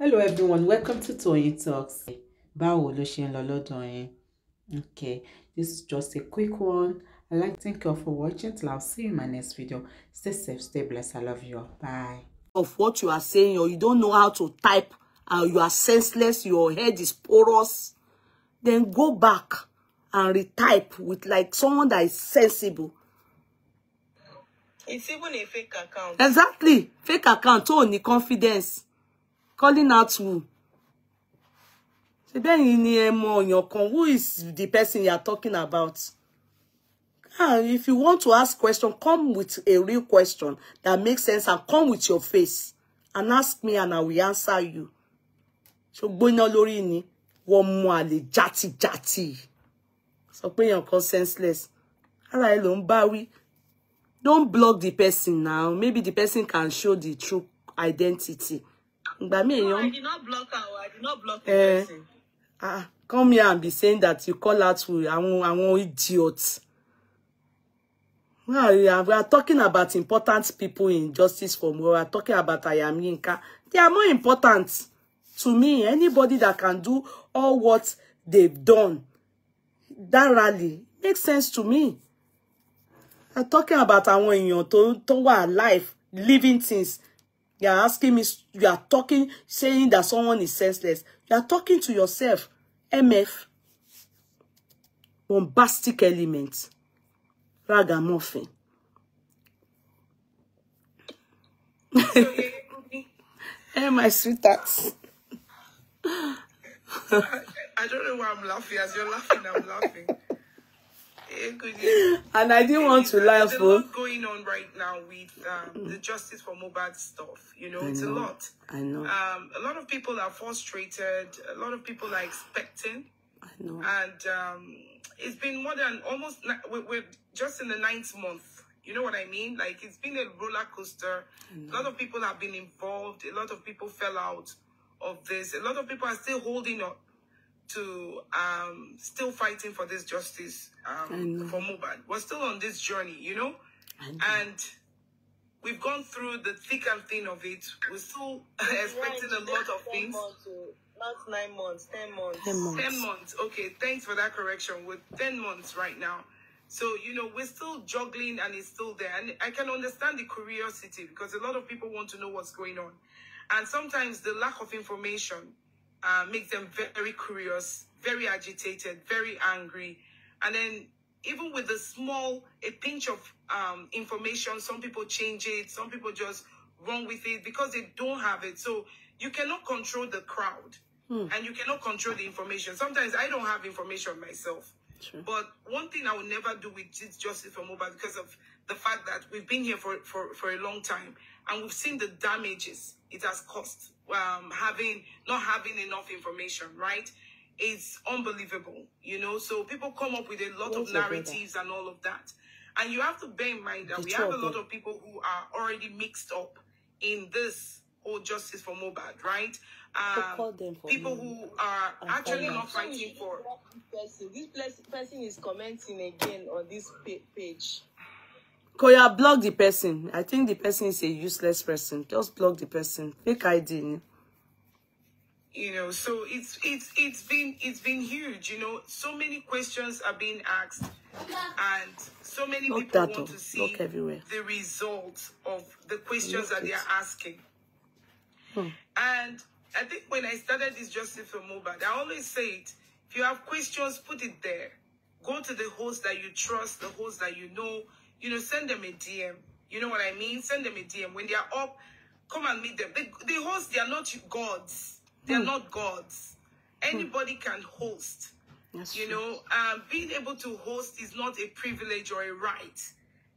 hello everyone welcome to Toyeen Talks báwo ló ṣe ń lọ lọ́dọ̀ yín okay this is just a quick one i like to thank you all for watching till i'll see you in my next video stay safe stay blessed i love you all bye. of what you are saying or you don't know how to type and you are senseless your head is porous then go back and retype with like someone that is sensible. it's even a fake account. exactly fake account tó o ní confidence calling out who? Ṣé bẹ́ẹ̀ ni ẹ mọ èèyàn kan who is the person you are talking about? And ah, if you want to ask question, come with a real question that makes sense and come with your face and ask me and I will answer you. So iná lórí ni wọ́n mú àlè játijàti. Sọ pé èèyàn kan senseless. Ara ẹ ló Don't block the person now. Maybe the person can show the true identity ìgbà mi èèyàn. I did not block her I did not block the eh, ah, ah, come here and be saying that you call out to àwọn àwọn idiots. We are, we are talking about important people in Justice for More. We are talking about Ayam Yinka. They are more important to me. Anybody that can do all what they've done, that rally makes sense to me. I'm talking about our àwọn èèyàn to to our life, living things. You are asking me, you are talking, saying that someone is senseless. You are talking to yourself. MF. Bombastic element. Ragamuffin. hey, my sweetheart. I, I don't know why I'm laughing. As you're laughing, I'm laughing. and I didn't want to lie, There's a lot going on right now with um, the justice for mobile stuff. You know, I it's know, a lot. I know. Um, a lot of people are frustrated. A lot of people are expecting. I know. And um, it's been more than almost. We're, we're just in the ninth month. You know what I mean? Like it's been a roller coaster. A lot of people have been involved. A lot of people fell out of this. A lot of people are still holding on to um, still fighting for this justice um, for Mubad. We're still on this journey, you know? know? And we've gone through the thick and thin of it. We're still expecting a lot of things. Last not nine months, ten months. Ten months. Ten months. Okay, thanks for that correction. We're ten months right now. So, you know, we're still juggling and it's still there. And I can understand the curiosity because a lot of people want to know what's going on. And sometimes the lack of information Make uh, makes them very curious, very agitated, very angry. And then even with a small, a pinch of um, information, some people change it, some people just run with it because they don't have it. So you cannot control the crowd hmm. and you cannot control the information. Sometimes I don't have information myself. True. But one thing I will never do with justice for mobile because of the fact that we've been here for, for, for a long time and we've seen the damages it has cost um, having not having enough information right it's unbelievable you know so people come up with a lot What's of narratives and all of that and you have to bear in mind that the we trouble. have a lot of people who are already mixed up in this whole justice for Mobad, right? Um, for people who are actually not fighting for. this person is commenting again on this page. Koya, block the person. I think the person is a useless person. Just block the person. Fake ID. You know, so it's it's it's been it's been huge. You know, so many questions are being asked, and so many Look people want up. to see the results of the questions that they are asking. Hmm. And I think when I started this Justice for Mobile, I always said, if you have questions, put it there. Go to the host that you trust, the host that you know, you know, send them a DM. You know what I mean? Send them a DM. When they are up, come and meet them. They, the host, they are not gods. They are mm. not gods. Hmm. Anybody mm. can host. That's you true. know, um, being able to host is not a privilege or a right.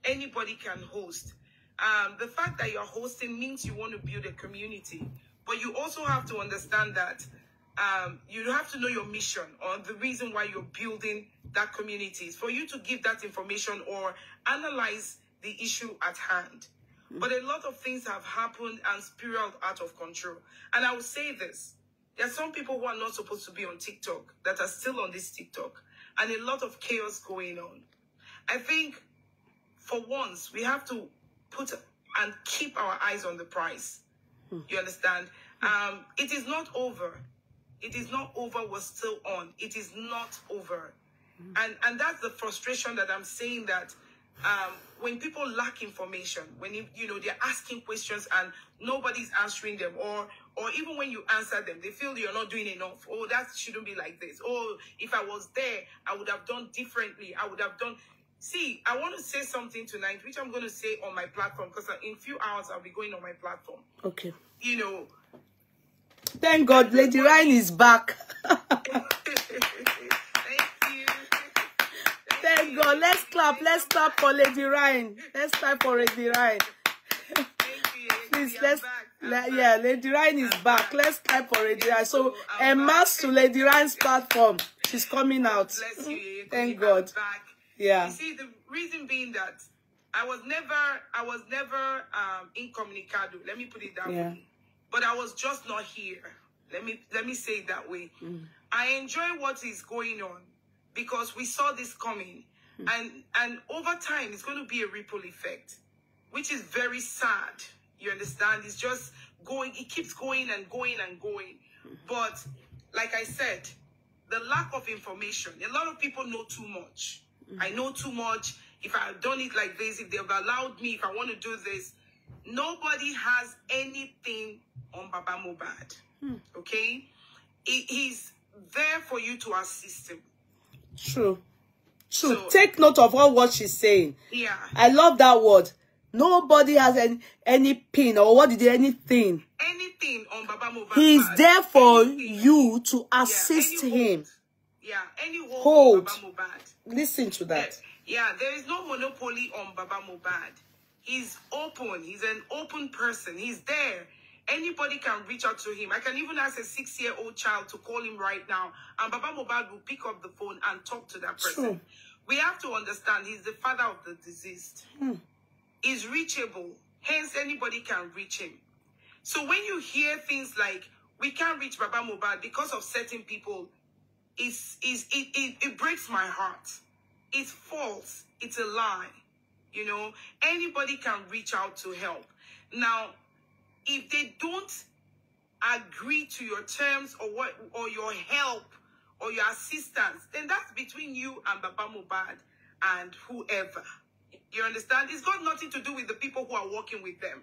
Anybody can host. Um, the fact that you're hosting means you want to build a community. But you also have to understand that um, you have to know your mission or the reason why you're building that community. for you to give that information or analyze the issue at hand. But a lot of things have happened and spiraled out of control. And I will say this there are some people who are not supposed to be on TikTok that are still on this TikTok, and a lot of chaos going on. I think for once, we have to put and keep our eyes on the price. You understand? Um, it is not over. It is not over. We're still on. It is not over. And, and that's the frustration that I'm saying that um, when people lack information, when you, you know they're asking questions and nobody's answering them, or or even when you answer them, they feel you're not doing enough. Oh, that shouldn't be like this. Oh, if I was there, I would have done differently. I would have done. See, I want to say something tonight, which I'm going to say on my platform because in a few hours I'll be going on my platform. Okay. You know, Thank God, Lady Ryan is back. Thank you. Thank God. Let's clap. Let's clap for Lady Ryan. Let's clap for Lady Ryan. Please, let's. Le yeah, Lady Ryan is back. Let's clap for Lady Ryan. So, a mass to Lady Ryan's platform. She's coming out. Thank God. Yeah. You see, the reason being that I was never, I was never um, incommunicado. Let me put it down. yeah. but I was just not here. Let me let me say it that way. Mm. I enjoy what is going on because we saw this coming, mm. and and over time it's going to be a ripple effect, which is very sad. You understand? It's just going. It keeps going and going and going. Mm. But like I said, the lack of information. A lot of people know too much. Mm. I know too much. If I've done it like this, if they've allowed me, if I want to do this, Nobody has anything on Baba Mubad. Hmm. Okay? He, he's there for you to assist him. True. True. So, Take note of all what she's saying. Yeah. I love that word. Nobody has any any pin or what did anything. Anything on Baba Mubad. He's there for anything. you to assist yeah, him. Yeah, any hold, hold. Baba Mubad. Listen to that. Yeah. yeah, there is no monopoly on Baba Mubad. He's open. He's an open person. He's there. Anybody can reach out to him. I can even ask a six year old child to call him right now, and Baba Mobad will pick up the phone and talk to that person. Sure. We have to understand he's the father of the deceased. Hmm. He's reachable, hence, anybody can reach him. So when you hear things like, we can't reach Baba Mobad because of certain people, it's, it's, it, it, it breaks my heart. It's false, it's a lie. You know, anybody can reach out to help. Now, if they don't agree to your terms or what or your help or your assistance, then that's between you and Baba Mubad and whoever. You understand? It's got nothing to do with the people who are working with them.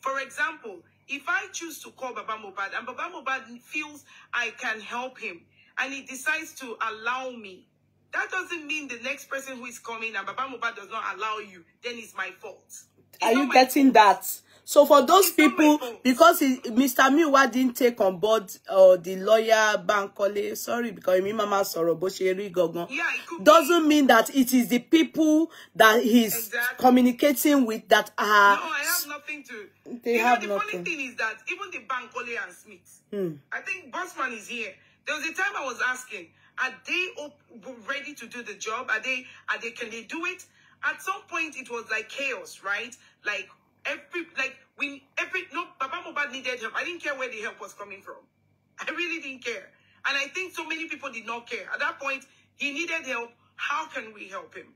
For example, if I choose to call Baba Mubad and Baba Mubad feels I can help him and he decides to allow me, That doesn't mean the next person who is coming and Baba Mohbad does not allow you, then it's my fault. It's Are you getting fault. that? So for those it's people, because he, Mr. Miwa didn't take on board uh, the lawyer Bankole, sorry, because mi mama sọ̀rọ̀ bó ṣe rí yeah, doesn't be. mean that it is the people that he's exactly. communicating with that are. No, I have nothing to. They have know, the nothing. funny thing is that even the Bankole and Smith, hmm. I think Bossman is here. There was a time I was asking, Are they op- ready to do the job? Are they? Are they? Can they do it? At some point, it was like chaos, right? Like every, like we every no, Baba Mobad needed help. I didn't care where the help was coming from. I really didn't care, and I think so many people did not care. At that point, he needed help. How can we help him,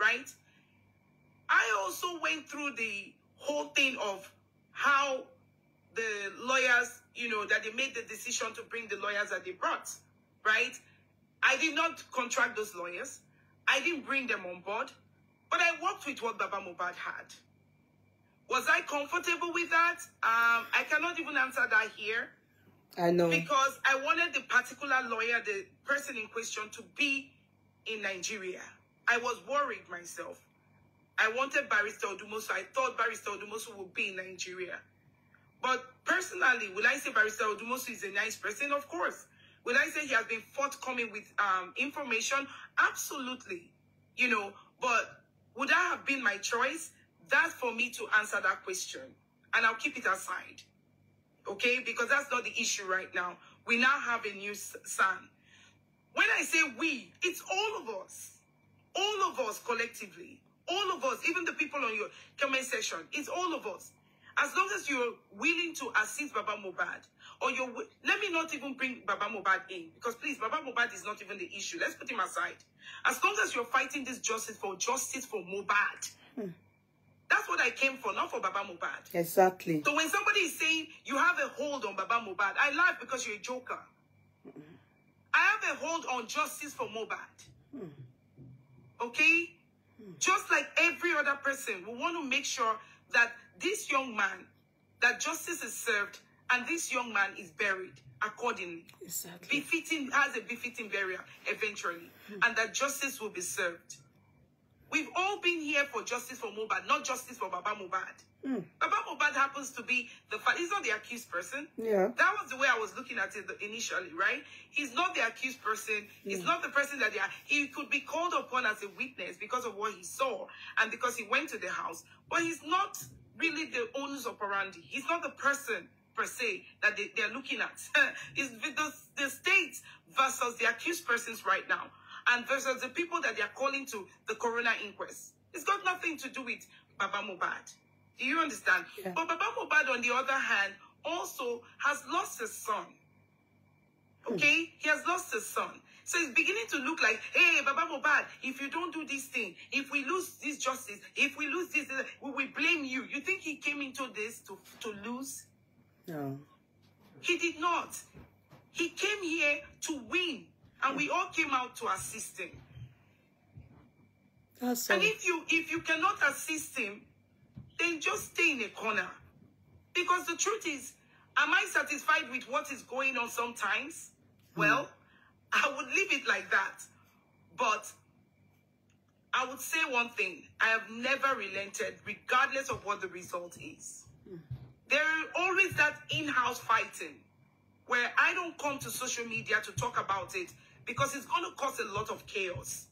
right? I also went through the whole thing of how the lawyers, you know, that they made the decision to bring the lawyers that they brought, right? I did not contract those lawyers. I didn't bring them on board, but I worked with what Baba Mubad had. Was I comfortable with that? Um, I cannot even answer that here. I know. Because I wanted the particular lawyer, the person in question, to be in Nigeria. I was worried myself. I wanted Barrister Odumosu. I thought Barrister Odumosu would be in Nigeria. But personally, will I say Barrister Odumosu is a nice person? Of course. Will I say he has been forthcoming with um, information? Absolutely. You know, but would that have been my choice? That's for me to answer that question. And I'll keep it aside. Okay? Because that's not the issue right now. We now have a new son. When I say we, it's all of us. All of us collectively. All of us, even the people on your comment section, it's all of us. As long as you're willing to assist Baba Mubad, your let me not even bring Baba Mobad in because please Baba Mobad is not even the issue. Let's put him aside. As long as you're fighting this justice for justice for Mobad, hmm. that's what I came for, not for Baba Mobad. Exactly. So when somebody is saying you have a hold on Baba Mobad, I laugh because you're a joker. Hmm. I have a hold on justice for Mobad. Hmm. Okay? Hmm. Just like every other person, we want to make sure that this young man, that justice is served and this young man is buried accordingly, exactly. befitting as a befitting burial eventually, hmm. and that justice will be served. We've all been here for justice for Mobad, not justice for Baba Mobad. Mm. Baba Mobad happens to be the he's not the accused person. Yeah, that was the way I was looking at it initially, right? He's not the accused person. Mm. He's hmm. not the person that are, he could be called upon as a witness because of what he saw and because he went to the house, but he's not really the onus operandi. He's not the person per se that they, they're looking at. is the, the state versus the accused persons right now and versus the people that they are calling to the coroner inquest. It's got nothing to do with Baba Mubad. Do you understand? Yeah. But Baba Mubad, on the other hand, also has lost his son. Hmm. Okay? He has lost his son. So it's beginning to look like, hey, Baba Mubad, if you don't do this thing, if we lose this justice, if we lose this, we will blame you. You think he came into this to, to lose? No. He did not. He came here to win, and we all came out to assist him. That's so. And if you if you cannot assist him, then just stay in a corner. Because the truth is, am I satisfied with what is going on sometimes? Mm. Well, I would leave it like that. But I would say one thing I have never relented, regardless of what the result is. There is always that in-house fighting where I don't come to social media to talk about it because it's going to cause a lot of chaos.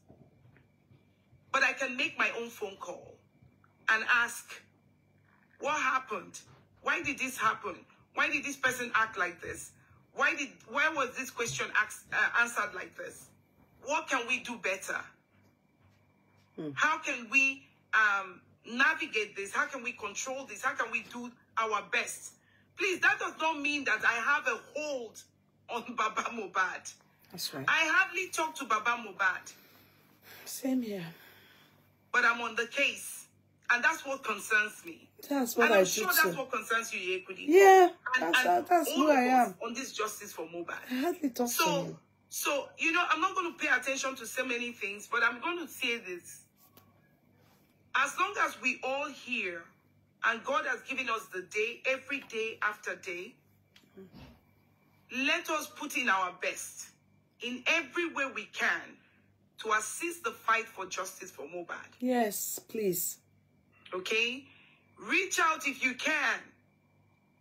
But I can make my own phone call and ask, what happened? Why did this happen? Why did this person act like this? Why did why was this question asked, uh, answered like this? What can we do better? Hmm. How can we um, navigate this? How can we control this? How can we do our best. Please, that does not mean that I have a hold on Baba Mubad. That's right. I hardly talk to Baba Mubad. Same here. But I'm on the case. And that's what concerns me. That's what and I'm I sure that's what concerns you, Yekudi. Yeah, and, that's, and that's who I am. On this justice for Mubad. I hardly talk so, to you. So, you know, I'm not going to pay attention to so many things, but I'm going to say this. As long as we all hear and God has given us the day, every day after day. Let us put in our best in every way we can to assist the fight for justice for Mobad. Yes, please. Okay? Reach out if you can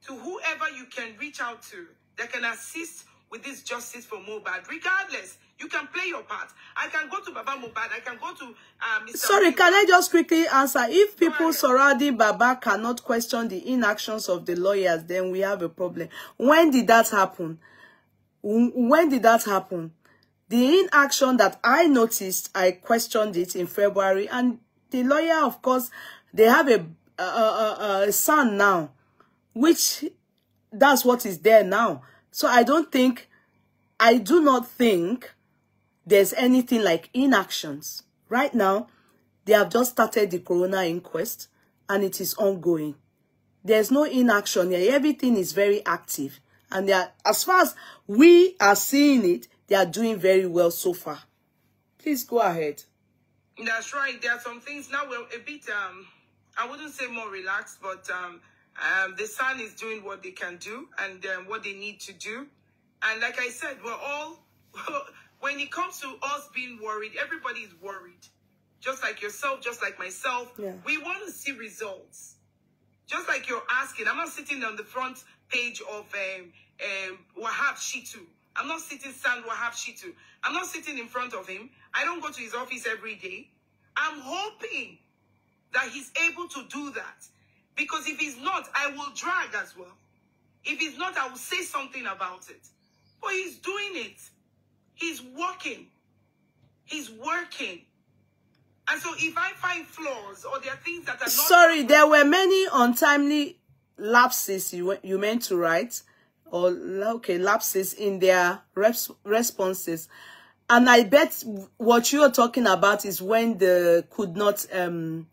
to whoever you can reach out to that can assist with this justice for Mobad, regardless You can play your part. I can go to Baba Mubad. I can go to uh, Mr. Sorry, can I just quickly answer? If people surrounding Baba cannot question the inactions of the lawyers, then we have a problem. When did that happen? When did that happen? The inaction that I noticed, I questioned it in February, and the lawyer, of course, they have a, a, a, a son now, which that's what is there now. So I don't think, I do not think there's anything like inactions. Right now, they have just started the corona inquest and it is ongoing. There's no inaction here. Everything is very active. And they are, as far as we are seeing it, they are doing very well so far. Please go ahead. That's right. There are some things now we're a bit, um, I wouldn't say more relaxed, but um, um, the sun is doing what they can do and um, what they need to do. And like I said, we're all when it comes to us being worried, everybody is worried. Just like yourself, just like myself. Yeah. We want to see results. Just like you're asking, I'm not sitting on the front page of um, um, Wahab Shitu. I'm not sitting stand Wahab Shitu. I'm not sitting in front of him. I don't go to his office every day. I'm hoping that he's able to do that. Because if he's not, I will drag as well. If he's not, I will say something about it. But he's doing it. He's working. He's working. And so if I find flaws or there are things that are not... Sorry, there were many untimely lapses you, you meant to write. Or, okay, lapses in their res responses. And I bet what you are talking about is when they could not... Um,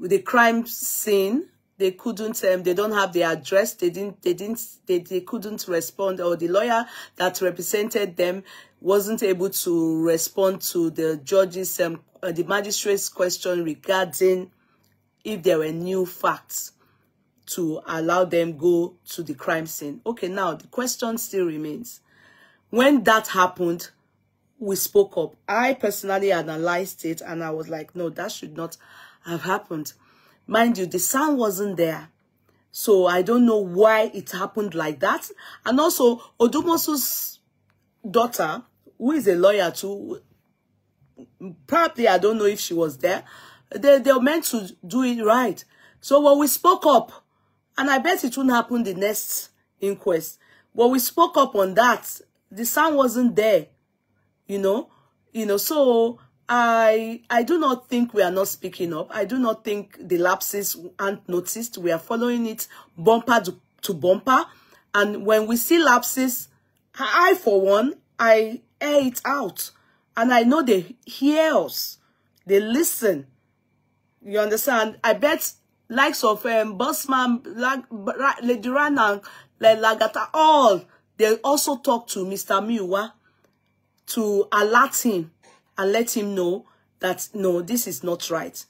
the crime scene they couldn't um, they don't have their address they didn't they didn't they, they couldn't respond or the lawyer that represented them wasn't able to respond to the judge's, um, uh, the magistrate's question regarding if there were new facts to allow them go to the crime scene. Okay, now the question still remains. When that happened, we spoke up. I personally analyzed it and I was like, no, that should not have happened. Mind you, the sun wasn't there. So I don't know why it happened like that. And also, Odumosu's daughter who is a lawyer too, probably I don't know if she was there. They, they were meant to do it right. So when we spoke up, and I bet it wouldn't happen the next inquest, when we spoke up on that, the sound wasn't there, you know, you know, so I I do not think we are not speaking up. I do not think the lapses aren't noticed. We are following it bumper to, to bumper. And when we see lapses, I, for one, I air it out. And I know they hear us. They listen. You understand? I bet likes of um, Bossman, Lady Rana, Lagata, all, they also talk to Mr. Miwa to alert him and let him know that, no, this is not right.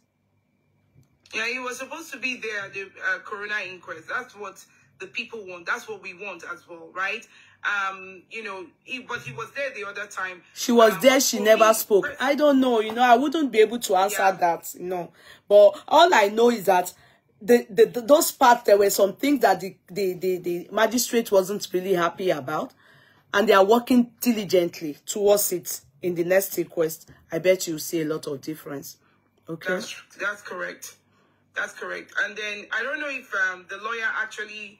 Yeah, he was supposed to be there at the uh, corona inquest. That's what the people want. That's what we want as well, right? um you know he but he was there the other time she was um, there she never spoke i don't know you know i wouldn't be able to answer yeah. that No, but all i know is that the, the, the those parts there were some things that the, the the the magistrate wasn't really happy about and they are working diligently towards it in the next request i bet you'll see a lot of difference okay that's, that's correct that's correct and then i don't know if um the lawyer actually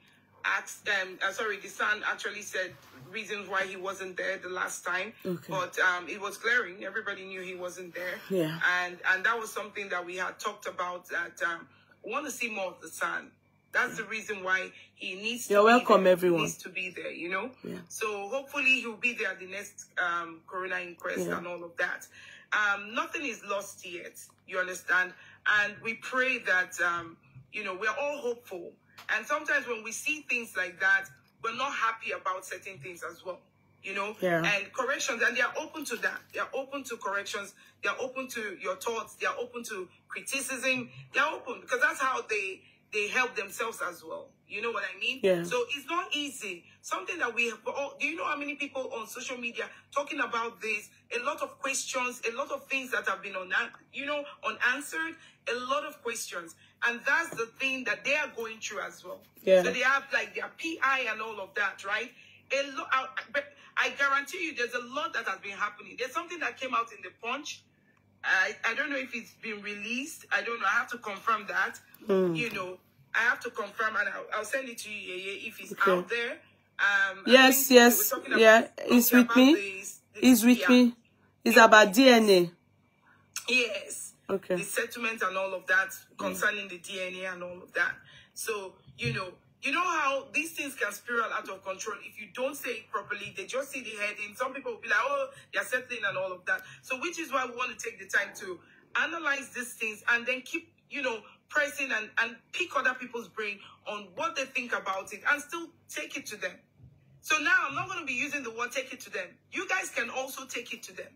asked them, uh, sorry, the son actually said reasons why he wasn't there the last time. Okay. But um, it was glaring. Everybody knew he wasn't there. Yeah. And and that was something that we had talked about that um, we want to see more of the son. That's the reason why he needs You're to welcome, everyone. He needs to be there, you know? Yeah. So hopefully he'll be there at the next um, coroner inquest yeah. and all of that. Um, nothing is lost yet, you understand? And we pray that, um, you know, we're all hopeful and sometimes when we see things like that, we're not happy about certain things as well. You know, yeah. and corrections, and they are open to that. They are open to corrections. They are open to your thoughts. They are open to criticism. They are open because that's how they they help themselves as well. You know what I mean? Yeah. So it's not easy. Something that we have. All, oh, do you know how many people on social media talking about this? A lot of questions, a lot of things that have been on, you know, unanswered, a lot of questions. And that's the thing that they are going through as well. Yeah. So they have like their PI and all of that, right? A lot, but I guarantee you, there's a lot that has been happening. There's something that came out in the Punch. I, I don't know if it's been released. I don't know. I have to confirm that. Mm. You know, I have to confirm, and I'll, I'll send it to you if it's okay. out there. Um, yes, yes, yeah. It's with me. The, the, it's with yeah. me. It's about DNA. Yes okay. the settlement and all of that mm. concerning the DNA and all of that. So, you know, you know how these things can spiral out of control if you don't say it properly. They just see the heading. Some people will be like, oh, they're settling and all of that. So, which is why we want to take the time to analyze these things and then keep, you know, pressing and, and pick other people's brain on what they think about it and still take it to them. So now I'm not going to be using the word take it to them. You guys can also take it to them.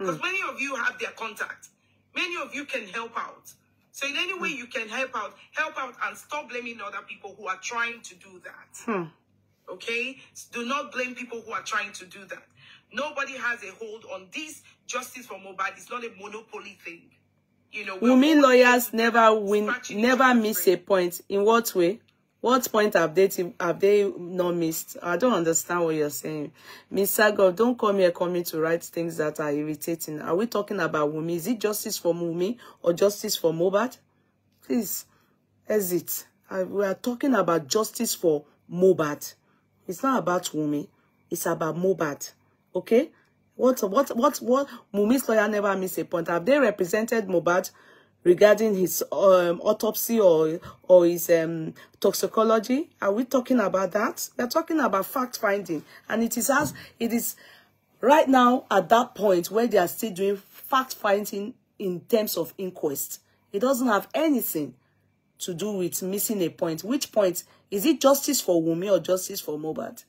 Hmm. Because many of you have their contact. Many of you can help out. So in any way you can help out, help out and stop blaming other people who are trying to do that. Hmm. Okay? Do not blame people who are trying to do that. Nobody has a hold on this justice for mobile. It's not a monopoly thing. You know, we mean lawyers never win, never miss a point. In what way? What point have they, have they not missed? I don't understand what you're saying. Miss Sagov, don't come here coming to write things that are irritating. Are we talking about Wumi? Is it justice for Wumi or justice for Mobat? Please, exit. I, we are talking about justice for Mobat. It's not about Wumi. It's about Mobat. Okay? What, what, what, what? Mumi's lawyer never missed a point. Have they represented Mobat? regarding his um, autopsy or or his um, toxicology? Are we talking about that? We are talking about fact finding, and it is as it is right now at that point where they are still doing fact finding in terms of inquest. It doesn't have anything to do with missing a point. Which point? Is it justice for Wumi or justice for Mobad?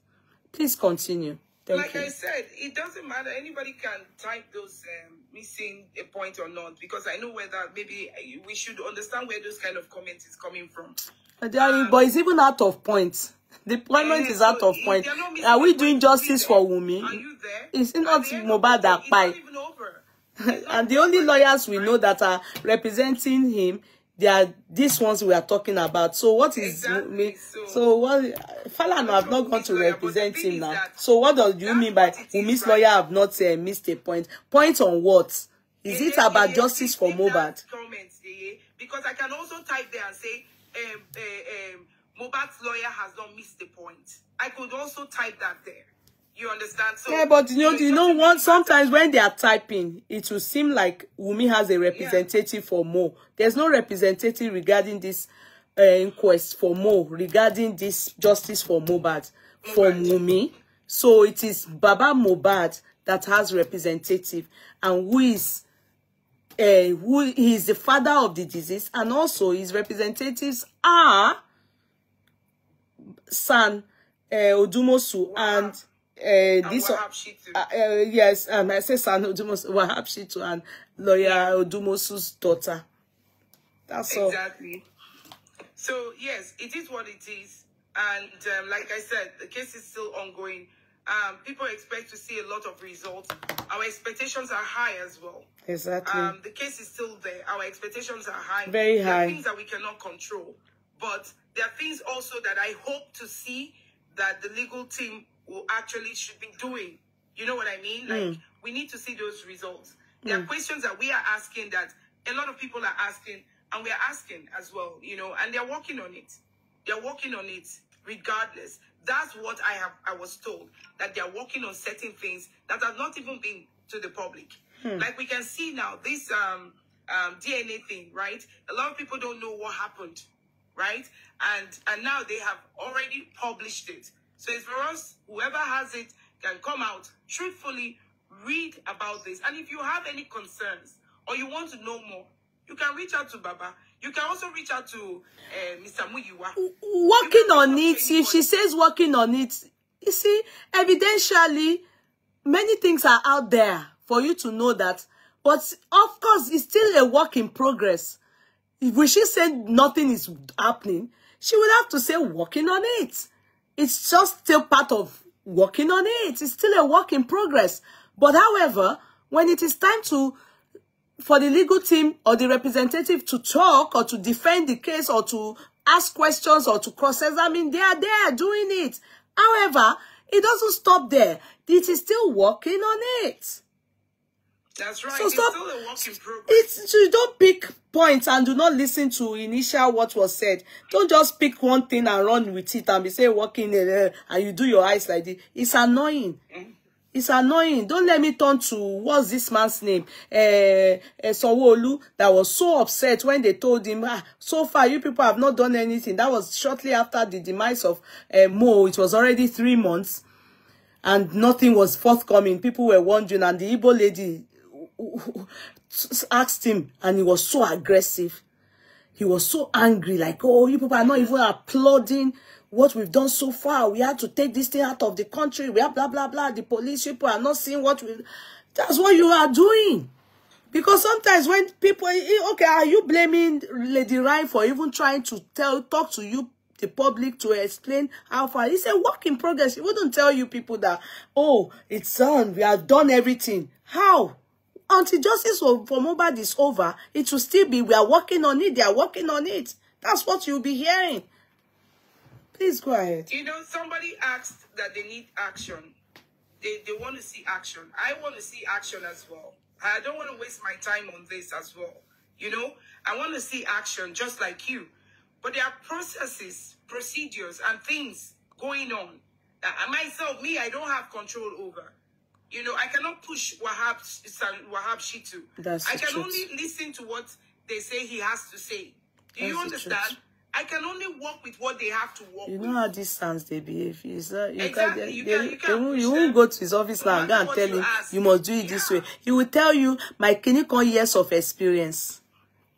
Please continue. Thank like you. I said, it doesn't matter. Anybody can type those um, missing a point or not because I know whether maybe we should understand where those kind of comments is coming from. Um, but it's even out of point. Deployment yeah, is so out of point. Are we doing justice for Wumi? Are you not mobile that pie. and the only lawyers we know that are representing him they are these ones we are talking about. So what is exactly. me? So, so what? Falana have not gone to represent him now. So what do you mean by Umi's lawyer have not uh, missed a point? Point on what? Is it, about justice for Mobat? Because I can also type there and say um, uh, um, Mobat's lawyer has not missed the point. I could also type that there. You understand? So yeah, but you know, you know what? Sometimes when they are typing, it will seem like Wumi has a representative yeah. for Mo. There's no representative regarding this uh, inquest for Mo, regarding this justice for Mobad, for Mobad. Wumi. So it is Baba Mobad that has representative and who is uh, who is the father of the disease and also his representatives are San uh, Odumosu wow. and Eh, this uh, uh, yes, um, and I say San Odumosu Wahab to and lawyer Odumosu's daughter. That's exactly. all. Exactly. So yes, it is what it is, and um, like I said, the case is still ongoing. Um, people expect to see a lot of results. Our expectations are high as well. Exactly. Um, the case is still there. Our expectations are high. Very there high. things that we cannot control, but there are things also that I hope to see that the legal team who actually should be doing. You know what I mean? Like mm. we need to see those results. There are mm. questions that we are asking that a lot of people are asking, and we are asking as well. You know, and they're working on it. They're working on it regardless. That's what I have. I was told that they're working on certain things that have not even been to the public. Hmm. Like we can see now this um, um, DNA thing, right? A lot of people don't know what happened, right? And and now they have already published it. So it's for us, whoever has it can come out truthfully, read about this. And if you have any concerns or you want to know more, you can reach out to Baba. You can also reach out to uh, eh, Mr. Muyiwa. Working on it. If she says working on it, you see, evidentially, many things are out there for you to know that. But of course, it's still a work in progress. If she said nothing is happening, she would have to say working on it. It's just still part of working on it. It's still a work in progress. But however, when it is time to for the legal team or the representative to talk or to defend the case or to ask questions or to cross-examine, they are there doing it. However, it doesn't stop there. It is still working on it. That's right. So it's stop. Still a It's you don't pick points and do not listen to initial what was said. Don't just pick one thing and run with it and be say walking uh, eh, eh, and you do your eyes like this. It's annoying. Mm. It's annoying. Don't let me turn to what's this man's name? Uh, eh, uh, sanwo that was so upset when they told him, ah, so far you people have not done anything. That was shortly after the demise of uh, Mo. It was already three months and nothing was forthcoming. People were wondering and the Igbo lady asked him and he was so aggressive. He was so angry, like, oh, you people are not even applauding what we've done so far. We had to take this thing out of the country. We have blah, blah, blah. The police people are not seeing what we... That's what you are doing. Because sometimes when people... Okay, are you blaming Lady Ryan for even trying to tell, talk to you the public to explain how far. It's a work in progress. He wouldn't tell you people that, oh, it's done. We have done everything. How? until justice for Mohbad is over, it will still be, we are working on it, they are working on it. That's what you'll be hearing. Please go ahead. You know, somebody asked that they need action. They, they want to see action. I want to see action as well. I don't want to waste my time on this as well. You know, I want to see action just like you. But there are processes, procedures, and things going on that myself, me, I don't have control over. You know, I cannot push Wahab Wahab Shitu. That's I can truth. only listen to what they say he has to say. Do That's you understand? I can only work with what they have to work You know with. how these sons they behave. It's, uh, you exactly. Can, you, they, can, you, can they, won't, you won't go to his office now and go and tell him ask. you must do it yeah. this way. He will tell you my clinical years of experience.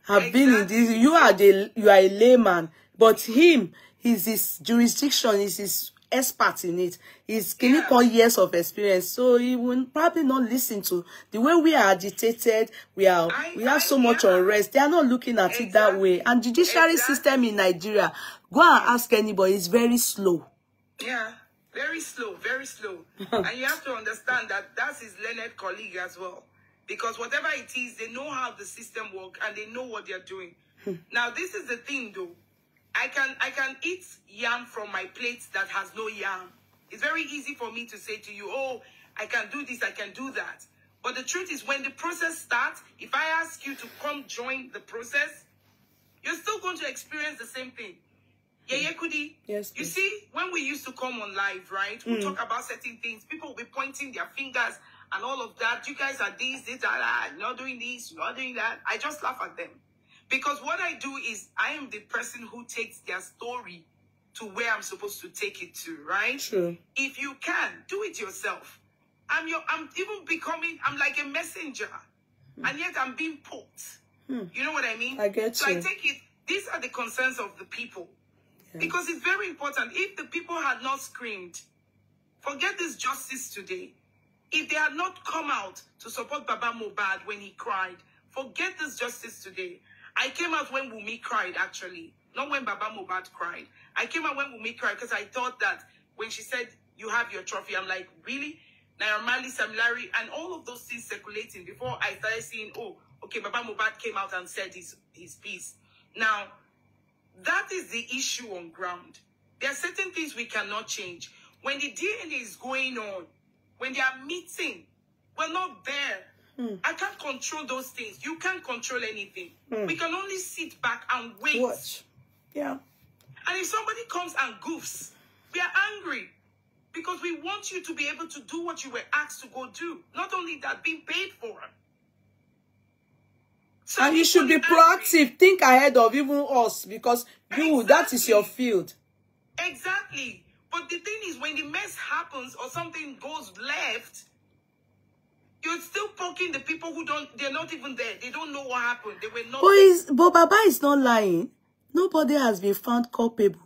Have exactly. been in this. You are the you are a layman, but him is his jurisdiction is his expert in it. He's killing yeah. years of experience, so he will probably not listen to the way we are agitated. We are I, we have I, so much yeah. unrest. They are not looking at exactly. it that way. And judiciary exactly. system in Nigeria, go and ask anybody. It's very slow. Yeah, very slow, very slow. and you have to understand that that's his learned colleague as well, because whatever it is, they know how the system works and they know what they are doing. Hmm. now, this is the thing, though. I can I can eat yam from my plate that has no yam. It's very easy for me to say to you, oh, I can do this, I can do that. But the truth is, when the process starts, if I ask you to come join the process, you're still going to experience the same thing. Yeah, yeah, mm. Kudi. Yes. You please. see, when we used to come on live, right? We mm. talk about certain things. People will be pointing their fingers and all of that. You guys are this, this, that, ah, ah, that. You're not doing this, you're not doing that. I just laugh at them. Because what I do is I am the person who takes their story to where I'm supposed to take it to, right? True. If you can, do it yourself. I'm your I'm even becoming I'm like a messenger. Hmm. And yet I'm being poked. Hmm. You know what I mean? I get so you. So I take it these are the concerns of the people. Because it's very important. If the people had not screamed, forget this justice today. If they had not come out to support Baba Mubad when he cried, forget this justice today. I came out when Wumi cried, actually, not when Baba Mobad cried. I came out when Wumi cried because I thought that when she said, You have your trophy, I'm like, Really? Naira Samlari, Sam Larry, and all of those things circulating before I started seeing, Oh, okay, Baba Mobad came out and said his, his piece. Now, that is the issue on ground. There are certain things we cannot change. When the DNA is going on, when they are meeting, we're not there. Mm. I can't control those things. You can't control anything. Mm. We can only sit back and wait. Watch. Yeah. And if somebody comes and goofs, we are angry because we want you to be able to do what you were asked to go do. Not only that, being paid for. So and you should be angry. proactive. Think ahead of even us because you, exactly. that is your field. Exactly. But the thing is, when the mess happens or something goes left, you're still poking the people who don't, they're not even there. They don't know what happened. They were not. But, is, but Baba is not lying. Nobody has been found culpable.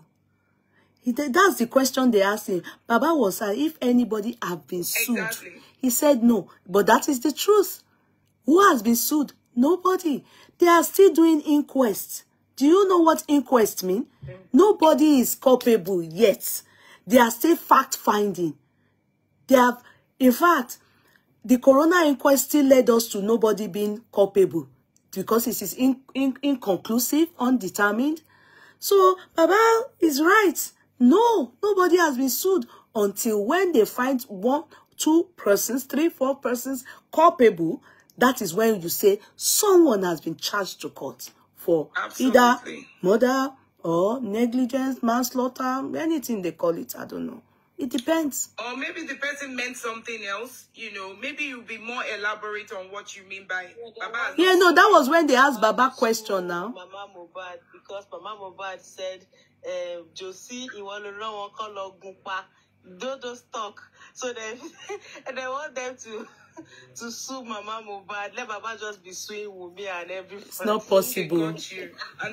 that's the question they asked him. Baba was asked if anybody have been sued. Exactly. He said no. But that is the truth. Who has been sued? Nobody. They are still doing inquests. Do you know what inquest mean? Mm. Nobody is culpable yet. They are still fact-finding. They have, in fact, the Corona inquest still led us to nobody being culpable because it is in, in, inconclusive, undetermined. So Baba is right. No, nobody has been sued until when they find one, two persons, three, four persons culpable. That is when you say someone has been charged to court for Absolutely. either murder or negligence, manslaughter, anything they call it. I don't know. It depends. Or maybe the person meant something else. You know, maybe you'll be more elaborate on what you mean by Baba. Yeah, no, that was when they asked Baba question now. Mama Mubad, because Mama Mubad said, um, Josie, want to Josie, Iwaloro, Wankolo, Gumpa, do those talk. So they, and they want them to to sue Mama Mubad. Let Baba just be suing Wunmi and everything. It's not possible. And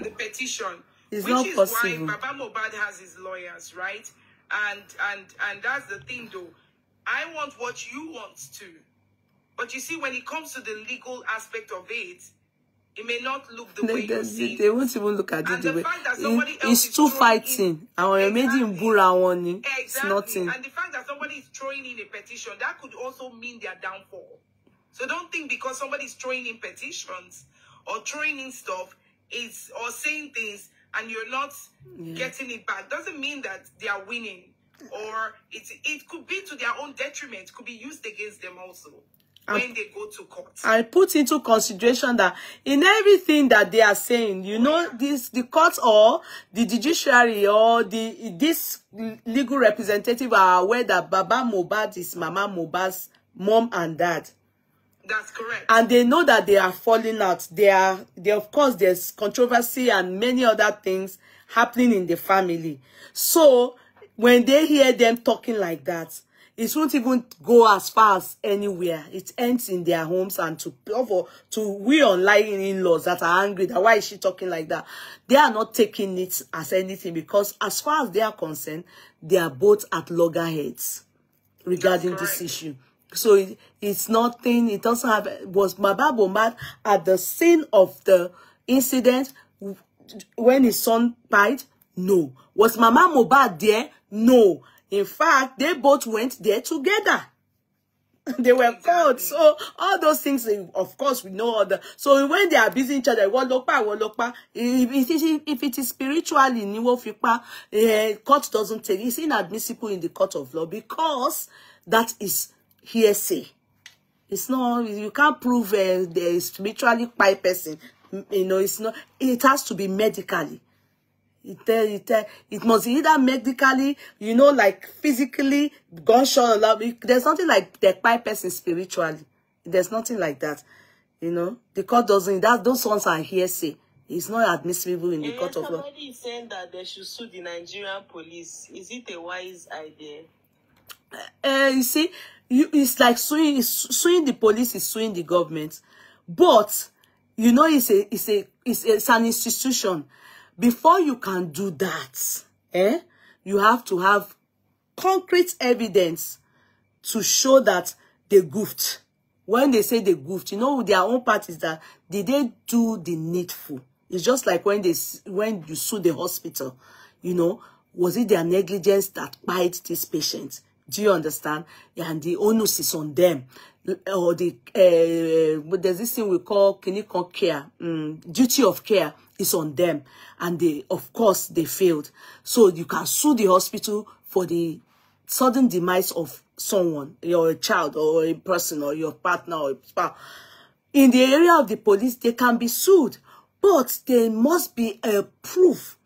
the petition. It's which not is possible. why Baba Mohbad has his lawyers, right? And and and that's the thing though. I want what you want to. But you see, when it comes to the legal aspect of it, it may not look the they, way they, you see. They won't even look at it the, way. it's too fighting. I'm are in Bura warning. It's nothing. And the fact that somebody is throwing in a petition, that could also mean their downfall. So don't think because somebody's throwing in petitions or throwing in stuff is or saying things and you're not yeah. getting it back doesn't mean that they are winning or it it could be to their own detriment could be used against them also and, when they go to court I put into consideration that in everything that they are saying you know oh, this the court or the judiciary or the this legal representative are aware that baba Mohbad is mama Mohbad's mom and dad That's correct. And they know that they are falling out. They are, they, of course, there's controversy and many other things happening in the family. So when they hear them talking like that, it won't even go as far as anywhere. It ends in their homes and to over to we online in-laws that are angry. That why is she talking like that? They are not taking it as anything because as far as they are concerned, they are both at loggerheads regarding this issue. So it, it's nothing. It doesn't have, was Baba Bombard at the scene of the incident when his son died? No. Was Mama Mobad there? No. In fact, they both went there together. they were called. So all those things, eh, of course, we know other. So when they are busy each other, wọ́n lọ If it is, spiritually, ni wọ́n eh, court doesn't take. it. It's inadmissible in the court of law because that is hearsay. It's not you can't prove uh, eh, the spiritually pie person. You know, it's not. It has to be medically. It, uh, it, uh, it must either medically, you know, like physically, gunshot, love. There's nothing like the pie person spiritually. There's nothing like that. You know, the court doesn't, that, those ones are hearsay. It's not admissible in the eh, court of law. Somebody is saying that they should sue the Nigerian police. Is it a wise idea? Uh, you see, you, it's like suing, suing the police is suing the government. But, you know, it's, a, it's, a, it's, a, it's an institution. Before you can do that, eh, you have to have concrete evidence to show that they goofed. When they say they goofed, you know, their own part is that did they do the needful? It's just like when they when you sue the hospital, you know, was it their negligence that bite this patient? Do you understand? And the onus is on them. Or the uh, there's this thing we call clinical care, um, duty of care is on them, and they of course they failed. So you can sue the hospital for the sudden demise of someone, your child or a person or your partner or spouse. In the area of the police, they can be sued, but there must be a eh, proof.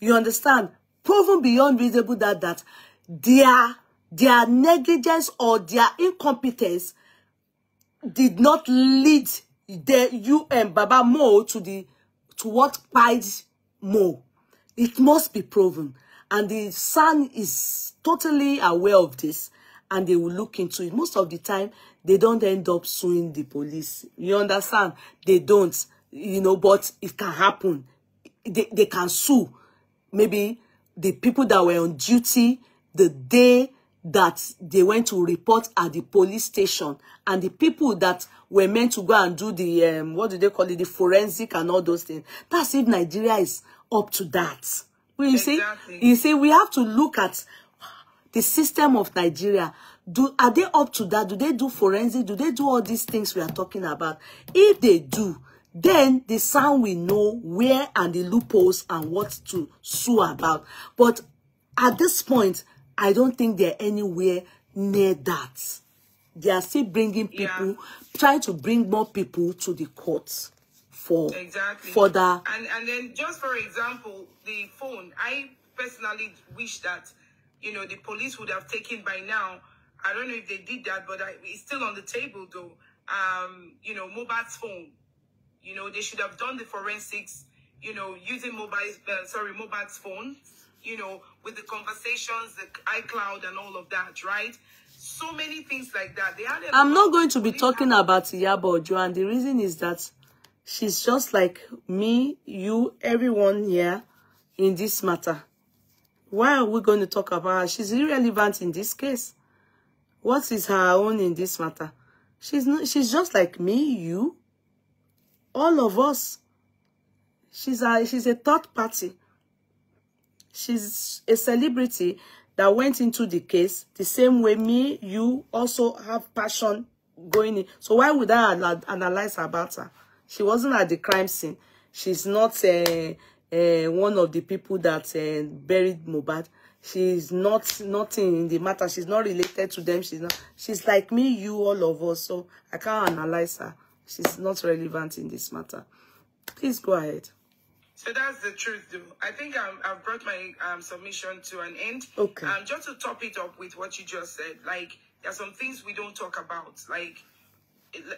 You understand? Proven beyond reasonable doubt that, that their their negligence or their incompetence did not lead the UN Baba Mo to the to what pied Mo. It must be proven. And the son is totally aware of this and they will look into it. Most of the time, they don't end up suing the police. You understand? They don't, you know, but it can happen. They, they can sue. Maybe the people that were on duty the day that they went to report at the police station and the people that were meant to go and do the um, what do they call it the forensic and all those things that's if nigeria is up to that well, you exactly. see you see we have to look at the system of nigeria do are they up to that do they do forensic do they do all these things we are talking about if they do then the sound will know where and the loopholes and what to sue about but at this point I don't think they're anywhere near that. They are still bringing people, yeah. trying to bring more people to the courts for exactly. for that. And and then just for example, the phone. I personally wish that you know the police would have taken by now. I don't know if they did that, but I, it's still on the table though. Um, you know, Mobat's phone. You know, they should have done the forensics. You know, using mobile, uh, sorry, Mobat's phone. You know, with the conversations, the iCloud, and all of that, right? So many things like that. They had I'm not going to be talking about Iyabo and the reason is that she's just like me, you, everyone here in this matter. Why are we going to talk about her? She's irrelevant in this case. What is her own in this matter? She's not, she's just like me, you, all of us. She's a, she's a third party. she's a celebrity that went into the case the same way me, you also have passion going in. So why would I analyze her about her? She wasn't at the crime scene. She's not uh, uh, one of the people that uh, buried Mubad. She's not nothing in the matter. She's not related to them. She's not. She's like me, you, all of us. So I can't analyze her. She's not relevant in this matter. Please go ahead. So that's the truth, though. I think I've brought my um, submission to an end. Okay. Um, just to top it up with what you just said, like there are some things we don't talk about, like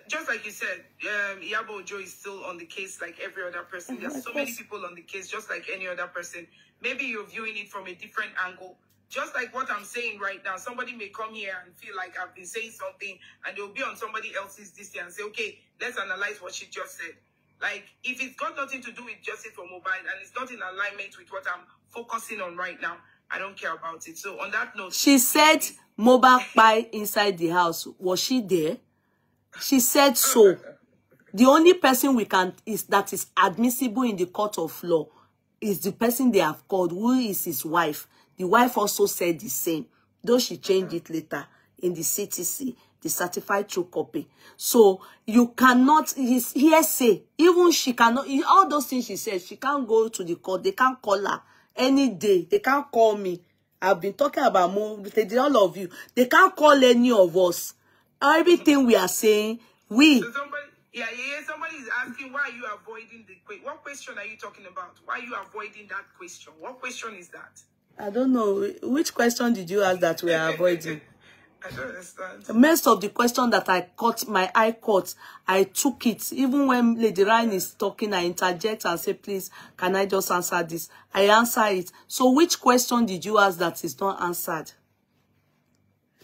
just like you said, um, Yabo Joe is still on the case like every other person. Mm-hmm, There's so many people on the case, just like any other person. Maybe you're viewing it from a different angle. Just like what I'm saying right now, somebody may come here and feel like I've been saying something, and they'll be on somebody else's this and say, okay, let's analyze what she just said. Like, if it's got nothing to do with justice for mobile and it's not in alignment with what I'm focusing on right now, I don't care about it. So, on that note, she said mobile pie inside the house. Was she there? She said so. the only person we can is that is admissible in the court of law is the person they have called, who is his wife. The wife also said the same, though she changed it later in the CTC. The certified true copy. So you cannot, his hearsay, even she cannot, all those things she said, she can't go to the court. They can't call her any day. They can't call me. I've been talking about more, they did all of you. They can't call any of us. Everything we are saying, we. So somebody, yeah, yeah, somebody is asking why are you avoiding the What question are you talking about? Why are you avoiding that question? What question is that? I don't know. Which question did you ask that we are avoiding? understand. Most of the question that I caught, my eye caught, I took it. Even when Lady Ryan is talking, I interject and say, please, can I just answer this? I answer it. So which question did you ask that is not answered?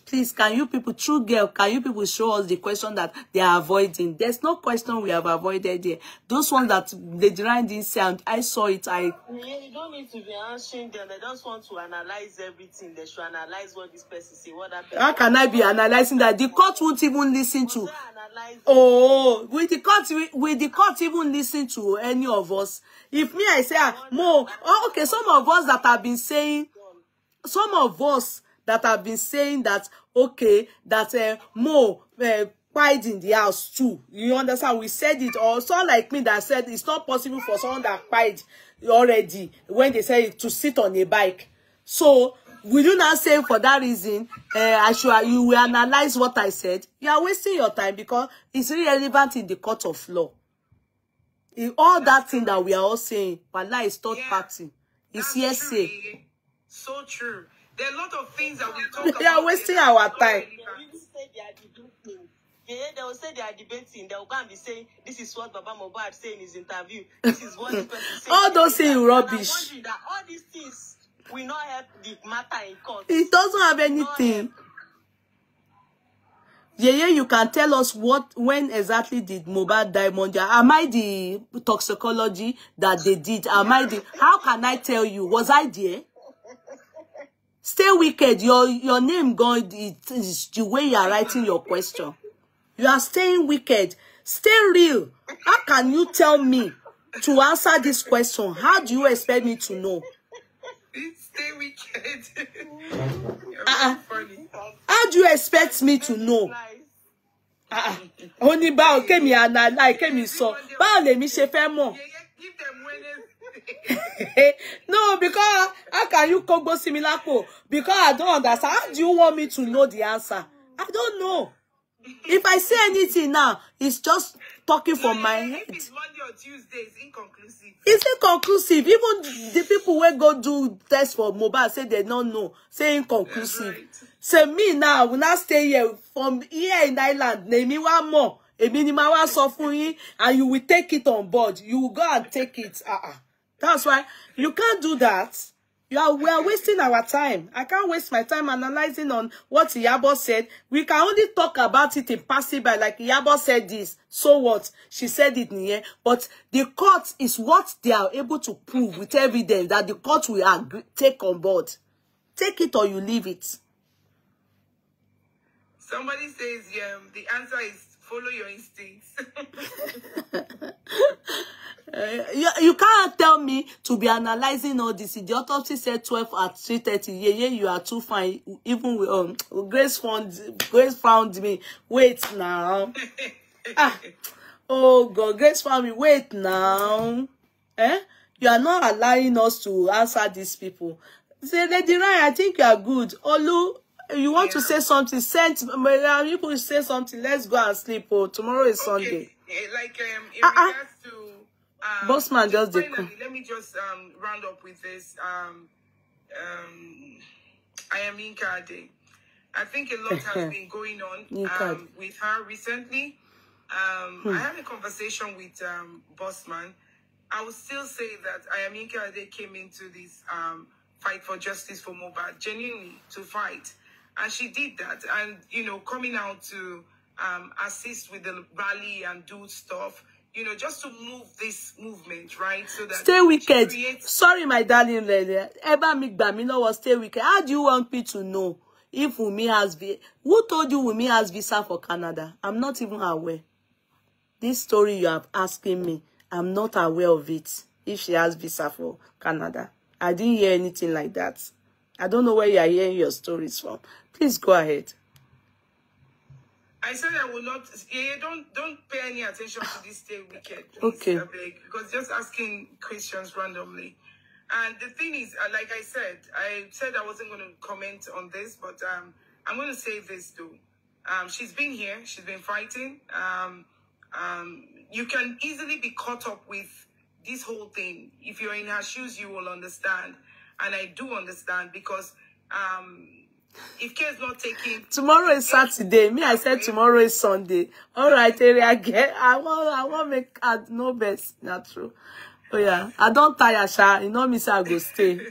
Please, can you people, true girl, can you people show us the question that they are avoiding? There's no question we have avoided here. Those ones that they derive this sound, I saw it. I you don't need to be answering them. They just want to analyze everything. They should analyze what this person say, what happened? How can I be analyzing that? The court won't even listen to. Oh, with the court, with the court even listen to any of us. If me, I say, ah, more. oh, okay, some of us that have been saying, some of us that have been saying that okay that uh, Mo uh, eh, cried in the house too. You understand? We said it. Or someone like me that said it's not possible for someone that cried already when they say to sit on a bike. So will you not say for that reason, uh, eh, Ashua, you will analyze what I said? You are wasting your time because it's irrelevant in the court of law. In all that thing that we are all saying, Wallah is third yeah, party. It's hearsay. So true. There are a lot of things that we talk about. They are wasting our time. Yeah, they will say they are debating. They will go and be saying, "This is what Baba Mobad said in his interview. This is what he said." all those things rubbish. I want you that all these things will not help the matter in court. It doesn't have anything. Yeah, yeah. you can tell us what, when exactly did Mohbad die Monja? Am I the toxicology that they did? Am I the, how can I tell you? Was I there? Stay wicked. Your your name God it is the way you are writing your question. You are staying wicked. Stay real. How can you tell me to answer this question? How do you expect me to know? Stay wicked. You're uh-uh. How do you expect me to know? Ah, ah. ó ní báwo kémi àná láì kémi sọ báwo lèmi ṣe fẹ́ mọ̀. Give them Wednesday. no, because how can you come kogbo similapo? Because I don't understand. How do you want me to know the answer? I don't know. If I say anything now, it's just talking from my head. If it's Monday or Tuesday, it's inconclusive. It's inconclusive. Even the people when go do test for mobile say they don't know. Say inconclusive. Right. Say so me now, when I stay here, from here in Ireland, name me one more. A minimum one suffering, and you will take it on board. You will go and take it. Uh-uh. That's why you can't do that. You are, we are wasting our time. I can't waste my time analyzing on what Yabo said. We can only talk about it in passing by, like Yabo said this. So what? She said it here. But the court is what they are able to prove with evidence that the court will agree, take on board. Take it or you leave it. Somebody says, yeah, um, the answer is follow your instincts. Eh, you, you can't tell me to be analyzing all this. The autopsy said 12 at 3.30. Yeah, yeah, you are too fine. Even with, um, Grace found, Grace found me. Wait now. ah. Oh, God, Grace found me. Wait now. Eh? You are not allowing us to answer these people. Say, Lady Ryan, I think you are good. Olu, you want yeah. to say something? Send, you could say something. Let's go and sleep. Oh, tomorrow is okay. Sunday. Eh, like, um, in uh -uh. regards to Um, Bossman just, just finally, Let me just um, round up with this. Um, um, I am Inka Day. I think a lot has been going on um, with her recently. Um, hmm. I had a conversation with um, Bossman. I would still say that I am Inka Ade came into this um, fight for justice for Mobad genuinely to fight. And she did that. And, you know, coming out to um, assist with the rally and do stuff. you know, just to move this movement, right? So that stay wicked. Creates... Sorry, my darling Lelia. Eba mi gbà mí lọ́wọ́ stay wicked. How do you want me to know if Wumi has visa? Who told you Wumi has visa for Canada? I'm not even aware. This story you are asking me, I'm not aware of it. If she has visa for Canada, I didn't hear anything like that. I don't know where you are hearing your stories from. Please go ahead. I said I would not. Yeah, don't don't pay any attention to this day wicked. Please, okay. because just asking questions randomly. And the thing is, uh, like I said, I said I wasn't going to comment on this, but um, I'm going to say this though. Um, she's been here. She's been fighting. Um, um, you can easily be caught up with this whole thing. If you're in her shoes, you will understand, and I do understand because um, if care is not taking Tomorrow is Saturday. Me, I said tomorrow is Sunday. All right, area get. I want, I want make no know best. Not true. Oh yeah, I don't tire, Sha. You know me, say I go stay.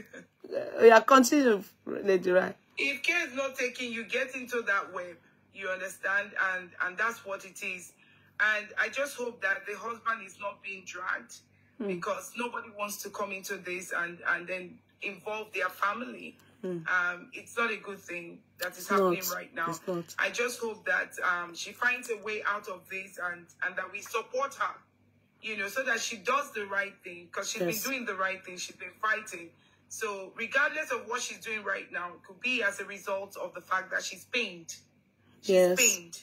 Oh yeah, continue, Lady Right. If care is not taking, you get into that web. You understand, and and that's what it is. And I just hope that the husband is not being dragged mm. because nobody wants to come into this and and then involve their family. Mm. Um, it's not a good thing that is it's happening not. right now. I just hope that um, she finds a way out of this and, and that we support her, you know, so that she does the right thing because she's yes. been doing the right thing. She's been fighting. So, regardless of what she's doing right now, it could be as a result of the fact that she's pained. She's yes. pained.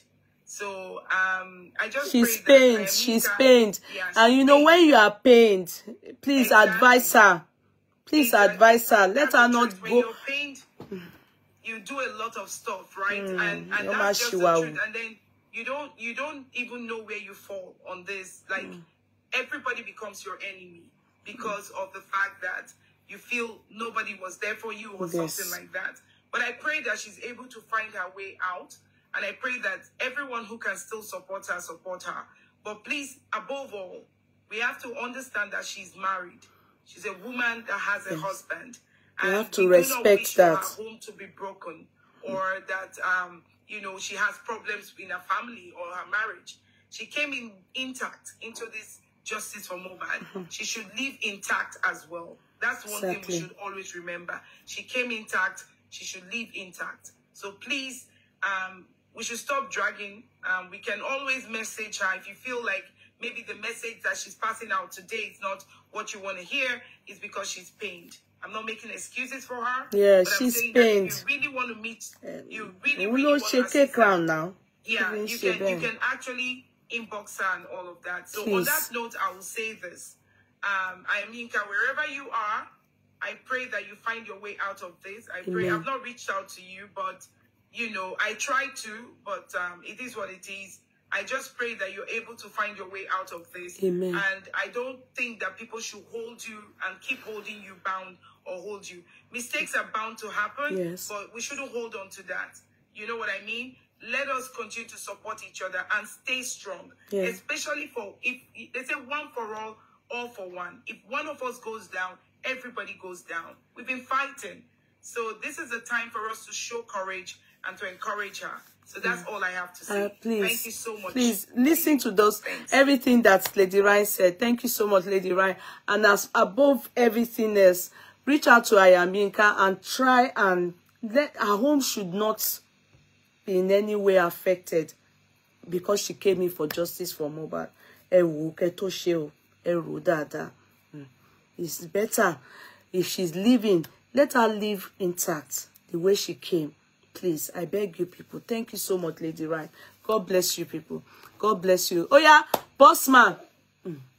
So um, I just she's pained. She's pained, yeah, she's and you pained. know when you are pained, please exactly. advise her Please advise her. Let her not go. You do a lot of stuff, right? Mm, and and that's just the truth. And then you don't you don't even know where you fall on this. Like mm. everybody becomes your enemy because mm. of the fact that you feel nobody was there for you or yes. something like that. But I pray that she's able to find her way out. And I pray that everyone who can still support her, support her. But please, above all, we have to understand that she's married. She's a woman that has a husband. You have to respect that. Her home to be broken, or that um, you know she has problems in her family or her marriage. She came in intact into this justice for mobile. Mm-hmm. She should live intact as well. That's one exactly. thing we should always remember. She came intact. She should live intact. So please, um, we should stop dragging. Um, we can always message her if you feel like maybe the message that she's passing out today is not what you want to hear is because she's pained. I'm not making excuses for her. Yeah, she's pained. Um, you really want to meet, you really, really want to check crown now. Yeah, you can, you can actually inbox her and all of that. So Please. on that note, I will say this. Um, I am Yinka, wherever you are, I pray that you find your way out of this. I pray Amen. I've not reached out to you, but you know, I try to, but um, it is what it is. I just pray that you're able to find your way out of this. Amen. And I don't think that people should hold you and keep holding you bound or hold you. Mistakes are bound to happen, yes. but we shouldn't hold on to that. You know what I mean? Let us continue to support each other and stay strong, especially for if they say one for all, all for one. If one of us goes down, everybody goes down. We've been fighting. So this is a time for us to show courage and to encourage her. So that's mm. all I have to uh, say. Uh, please, Thank you so much. Please listen to those Thanks. everything that Lady Ryan said. Thank you so much, Lady Ryan. And as above everything else, reach out to Ayaminka and try and let her home should not be in any way affected because she came in for justice for Mohbad. Ewu ke to o, eru dáadáa. Hmm. It's better if she's living, let her live intact the way she came. Please, I beg you people. Thank you so much, Lady Right. God bless you people. God bless you. Oh yeah, boss man. Mm.